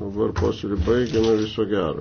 Dabar posėdį baigiame viso gero.